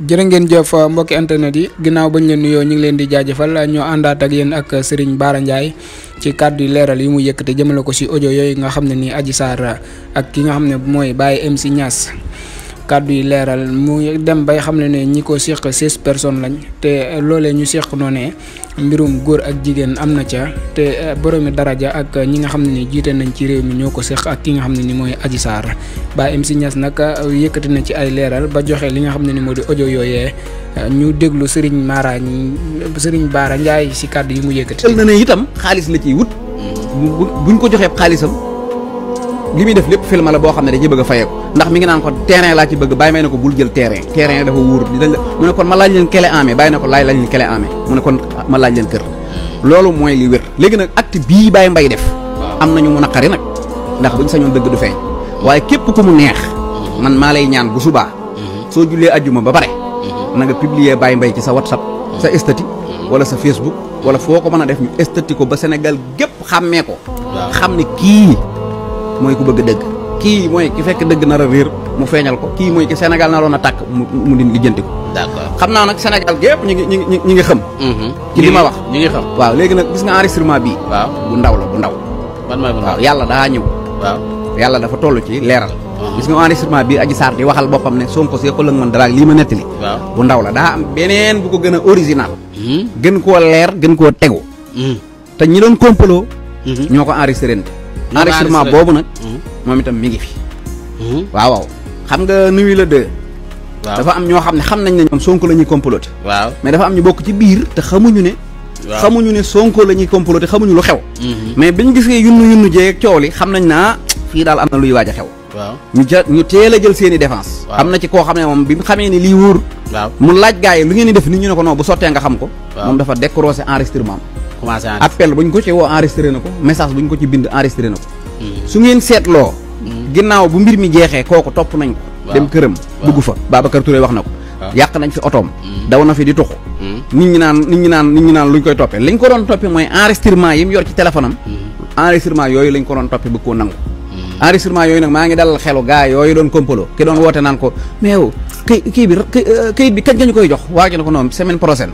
jërë ngeen jëf uh, mbokki internet yi ginnaaw bañ leen nuyoo ñu ngi leen di jaajëfal uh, ñoo àndaat ak yéen ak uh, Serigne Bara ci kàddu leeral yi mu yëkkate jëmale ko si audio yooyu nga xam ne ni aji saara ak ki nga xam ne mooy Baye MC ñaas kàddu yi leeral mu dem bay xam ne ne ñi ko seq seize personnes lañ te loolee ñu seq noo ne mbirum góor ak jigéen am na ca te eh, boroomi daraja ak ñi nga xam ne ni jiite nañ ci réew mi ñoo ko seq ak ki nga xam ne ni mooy Adji Sarr Baye MC Niass nag eh, yëkkati na ci ay leeral ba joxe li nga xam ne ni moo di audio yooyee eh, ñu déglu sëriñ Mara Serigne Bara Ndiaye si kàddu yi mu yëkkati. jël na ne itam xaalis la ciy wut. buñ ko joxee xaalisam li muy def lépp film la boo xam ne dañuy bëgg a fayeeku ndax mi ngi naan ko terrain laa ci bëgg bàyyi may ne ko bul jël terrain terrain dafa wóor dañ la mu ne kon ma laaj leen kele amee bàyyi ne ko laaj laaj leen kele amee mu ne kon ah, ma laaj leen kër loolu mooy li wér léegi nag acte bii bàyyi mbay def am na nañu mu naqari nag ndax buñ sañoon dëgg du feeñ waaye képp ku mu neex mhm. man maa lay ñaan bu subaa mhm. soo jullee ajjuma ba pare mhm. na nga publier bàyyi mbay ci sa whatsapp sa statut wala sa facebook wala foo ko mën a def ñu ko ba Sénégal gépp xàmmee ko xam ne kii mooy bëgg dëgg kii mooy ki fekk dëgg nar a réer mu feeñal ko kii mooy ki Sénégal naroon a tàkk mu di lijjanti ko. xam naa nag Sénégal gépp ñu ngi ñu ngi ñu xam. Mm-hmm. ci li ma wax ñu ngi xam. waaw léegi nag gis nga enregistrement bii. bu ndaw la bu ndaw. man maay waaw yàlla daa ñëw. yàlla dafa toll ci leeral. Uh-huh. gis nga enregistrement bii aji saar di waxal boppam ne Sonko si ko lëng man dara lii ma nettali. waaw bu ndaw la daa am beneen bu ko gën a original. Mm-hmm. gën koo leer gën koo tegu. Mm-hmm. te ñi doon complot. ñoo ko enregistré enregistrement boobu nag mhm. moom itam mi ngi fi mhm. waaw waaw xam nga nuyu la de dafa am ñoo xam ne xam nañ ne ñoom sonko la ñuy comploté waaw mais dafa am ñu bokk ci biir te xamuñu ne xamuñu ne sonko la ñuy comploté xamuñu lu xew mhm. mais biñ gisee yunnu yunnu jee coow li xam nañ naa fii daal am na luy waaj a xew ñu ja ñu teel a jël seen i défense am na ci koo xam ne moom bi mu xamee ni lii wóor mu laaj gars yi lu ngeen di def nit ñu ne ko non bu sottee nga xam ko moom dafa décroché enregistrement commencé appel bu ñu ko ci woo enregistré na ko message bu ñu ko ci bind enregistré na ko. su ngeen seetloo. ginnaaw bu mbir mi jeexee kooku topp nañ ko. dem këram dugg fa Babacar Touré wax na ko. yàq nañ fi otoom. Mm. daw na fi di tux. Mm. nit ñi naan nit ñi naan nit ñi naan luñ koy toppee liñ ko doon toppee mooy enregistrement yi mu yor ci téléphone am. Mm. enregistrement yooyu lañ ko doon toppee bëgg koo nangu. enregistrement yooyu nag maa ngi dalal xelu gaa yooyu doon kompaloo ki doon woote naan ko mais yow kii kii bi kayit bi kañ koy jox waa ji na ko noonu semaine prochaine.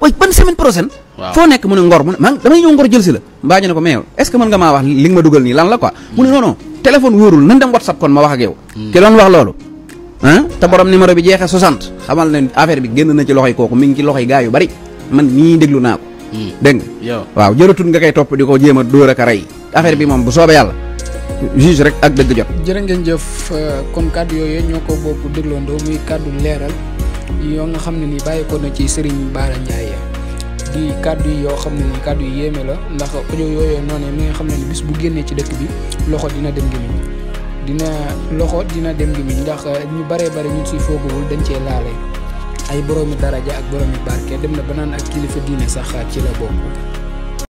way ban semaine prochaine foo nekk mu ne ngor mu ne man damay ñëw ngor jël si la mbaa ñu ne ko mais est-ce que mën nga maa wax li nga ma dugal lan la quoi mu non non téléphone dem whatsapp kon ma wax ak yow hmm. wax ah te borom numéro bi 60 xamal ne affaire bi génn na ci loxoy mi ngi ci loxoy yu bari man nii deglu naa hmm. deng, waaw jëratul nga di ak affaire bi bu juge rek ak deug jot jëf kon yoyé ñoko bokku deglondo muy yoo nga xam ne ni bàyyi ko na ci Serigne Bara Ndiaye di kàddu yi yoo xam ne ni kàddu yi yéeme la ndax audio yooyu noonu mi nga xam ne ni bis bu génnee ci dëkk bi loxo dina dem gémmiñ dina loxo dina dem gémmiñ ndax ñu baree bare ñu si fooguwul dañ cee laale ay boroomi daraja ak boroomi barke dem na ba naan ak kilifa diine sax ci la bokk.